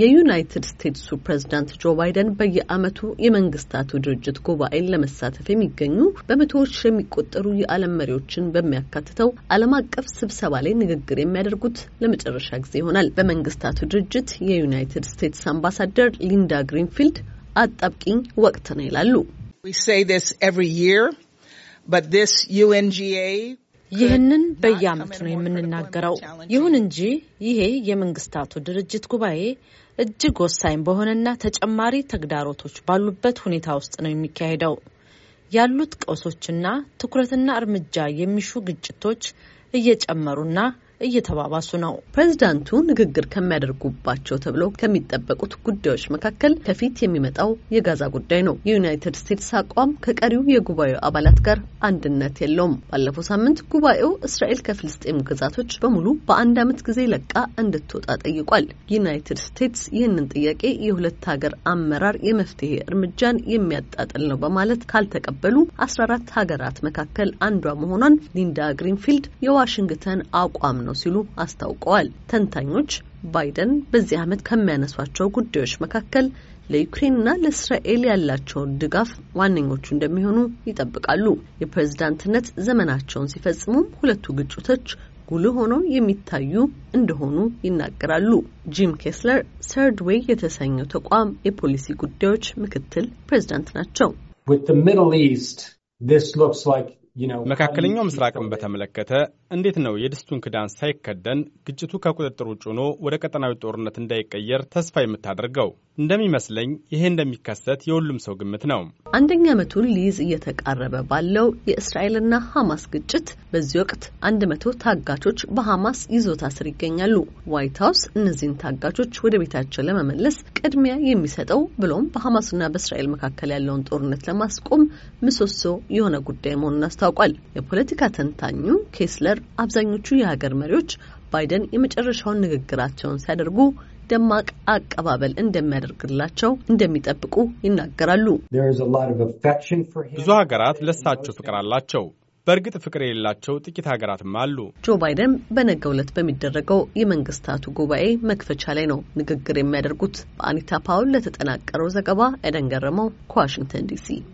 የዩናይትድ ስቴትሱ ፕሬዝዳንት ጆ ባይደን በየዓመቱ የመንግስታቱ ድርጅት ጉባኤን ለመሳተፍ የሚገኙ በመቶዎች የሚቆጠሩ የዓለም መሪዎችን በሚያካትተው ዓለም አቀፍ ስብሰባ ላይ ንግግር የሚያደርጉት ለመጨረሻ ጊዜ ይሆናል። በመንግስታቱ ድርጅት የዩናይትድ ስቴትስ አምባሳደር ሊንዳ ግሪንፊልድ አጣብቂኝ ወቅት ነው ይላሉ። ይህንን በየአመቱ ነው የምንናገረው። ይሁን እንጂ ይሄ የመንግስታቱ ድርጅት ጉባኤ እጅግ ወሳኝ በሆነና ተጨማሪ ተግዳሮቶች ባሉበት ሁኔታ ውስጥ ነው የሚካሄደው። ያሉት ቀውሶችና ትኩረትና እርምጃ የሚሹ ግጭቶች እየጨመሩና እየተባባሱ ነው። ፕሬዚዳንቱ ንግግር ከሚያደርጉባቸው ተብሎ ከሚጠበቁት ጉዳዮች መካከል ከፊት የሚመጣው የጋዛ ጉዳይ ነው። የዩናይትድ ስቴትስ አቋም ከቀሪው የጉባኤው አባላት ጋር አንድነት የለውም። ባለፈው ሳምንት ጉባኤው እስራኤል ከፍልስጤም ግዛቶች በሙሉ በአንድ ዓመት ጊዜ ለቃ እንድትወጣ ጠይቋል። ዩናይትድ ስቴትስ ይህንን ጥያቄ የሁለት ሀገር አመራር የመፍትሄ እርምጃን የሚያጣጥል ነው በማለት ካልተቀበሉ አስራ አራት ሀገራት መካከል አንዷ መሆኗን ሊንዳ ግሪንፊልድ የዋሽንግተን አቋም ነው ነው ሲሉ አስታውቀዋል። ተንታኞች ባይደን በዚህ ዓመት ከሚያነሷቸው ጉዳዮች መካከል ለዩክሬንና ለእስራኤል ያላቸውን ድጋፍ ዋነኞቹ እንደሚሆኑ ይጠብቃሉ። የፕሬዝዳንትነት ዘመናቸውን ሲፈጽሙም ሁለቱ ግጭቶች ጉልህ ሆነው የሚታዩ እንደሆኑ ይናገራሉ። ጂም ኬስለር ዌይ የተሰኘው ተቋም የፖሊሲ ጉዳዮች ምክትል ፕሬዝዳንት ናቸው። መካከለኛው ምስራቅን በተመለከተ እንዴት ነው የድስቱን ክዳን ሳይከደን ግጭቱ ከቁጥጥር ውጭ ሆኖ ወደ ቀጠናዊ ጦርነት እንዳይቀየር ተስፋ የምታደርገው? እንደሚመስለኝ ይሄ እንደሚከሰት የሁሉም ሰው ግምት ነው። አንደኛ ዓመቱን ሊይዝ እየተቃረበ ባለው የእስራኤልና ሐማስ ግጭት በዚህ ወቅት አንድ መቶ ታጋቾች በሐማስ ይዞታ ስር ይገኛሉ። ዋይት ሀውስ እነዚህን ታጋቾች ወደ ቤታቸው ለመመለስ ቅድሚያ የሚሰጠው ብሎም በሐማስና በእስራኤል መካከል ያለውን ጦርነት ለማስቆም ምሰሶ የሆነ ጉዳይ መሆኑን አስታውቋል። የፖለቲካ ተንታኙ ኬስለር አብዛኞቹ የሀገር መሪዎች ባይደን የመጨረሻውን ንግግራቸውን ሲያደርጉ ደማቅ አቀባበል እንደሚያደርግላቸው እንደሚጠብቁ ይናገራሉ። ብዙ ሀገራት ለሳቸው ፍቅር አላቸው። በእርግጥ ፍቅር የሌላቸው ጥቂት ሀገራትም አሉ። ጆ ባይደን በነገ ዕለት በሚደረገው የመንግስታቱ ጉባኤ መክፈቻ ላይ ነው ንግግር የሚያደርጉት። በአኒታ ፓውል ለተጠናቀረው ዘገባ ኤደን ገረመው ከዋሽንግተን ዲሲ